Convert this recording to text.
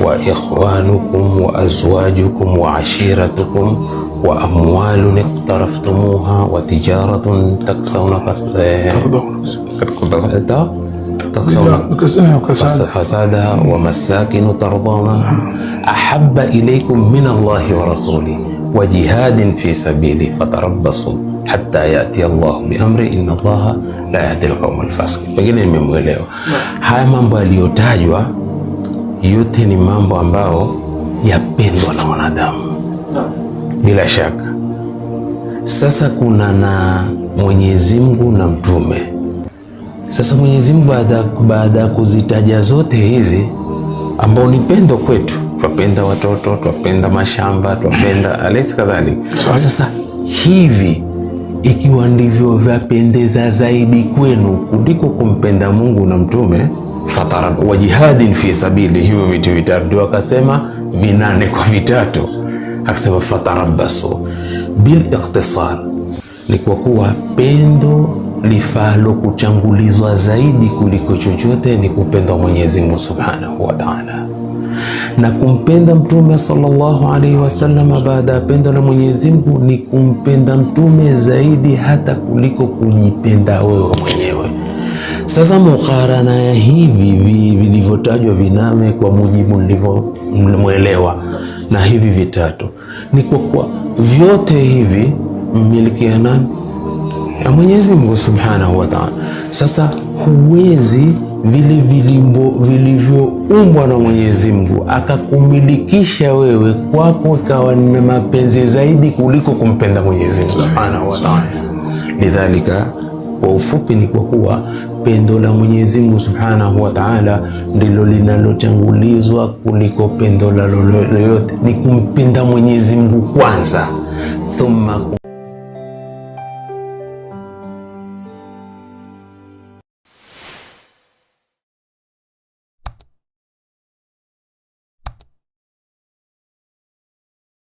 وإخوانكم وأزواجكم وعشيرتكم وأموال اقترفتموها وتجارة تكسون فسادها ومساكن ترضونها أحب إليكم من الله ورسوله وجهاد في سبيله فتربصوا حتى يأتي الله بأمره إن الله لا يهدي القوم الفاسقين. Pengine mmemwelewa هاي من باليوتاجوا yote ni mambo ambayo yapendwa na wanadamu bila shaka. Sasa kuna na Mwenyezi Mungu na mtume. Sasa Mwenyezi Mungu baada ya kuzitaja zote hizi ambao ni pendo kwetu, twapenda watoto, twapenda mashamba, twapenda alesi kadhalika. Sasa hivi ikiwa ndivyo vyapendeza zaidi kwenu kuliko kumpenda Mungu na mtume fatarak wa jihadin fi sabili, hivyo vitu vitatu akasema vinane kwa vitatu, akasema fatarabasu bil ikhtisar, ni kwa kuwa pendo lifalo kuchangulizwa zaidi kuliko chochote ni kupendwa Mwenyezi Mungu Subhanahu wa Ta'ala, na kumpenda Mtume sallallahu alaihi wasallam. Baada ya pendo la Mwenyezi Mungu ni kumpenda Mtume zaidi hata kuliko kujipenda wewe mwenyewe. Sasa mukarana ya hivi vilivyotajwa viname kwa mujibu nilivyomwelewa na hivi vitatu ni kwa kuwa vyote hivi ya nani? Ya Mwenyezi Mungu Subhanahu wa Ta'ala. Sasa huwezi vile vilimbo vilivyoumbwa na Mwenyezi Mungu akakumilikisha wewe kwako ikawa na mapenzi zaidi kuliko kumpenda Mwenyezi Mungu Subhanahu wa Ta'ala. Lidhalika, kwa ufupi ni kwa kuwa pendo la Mwenyezi Mungu Subhanahu wa Ta'ala ndilo linalotangulizwa kuliko pendo la lolote. Ni kumpenda Mwenyezi Mungu kwanza.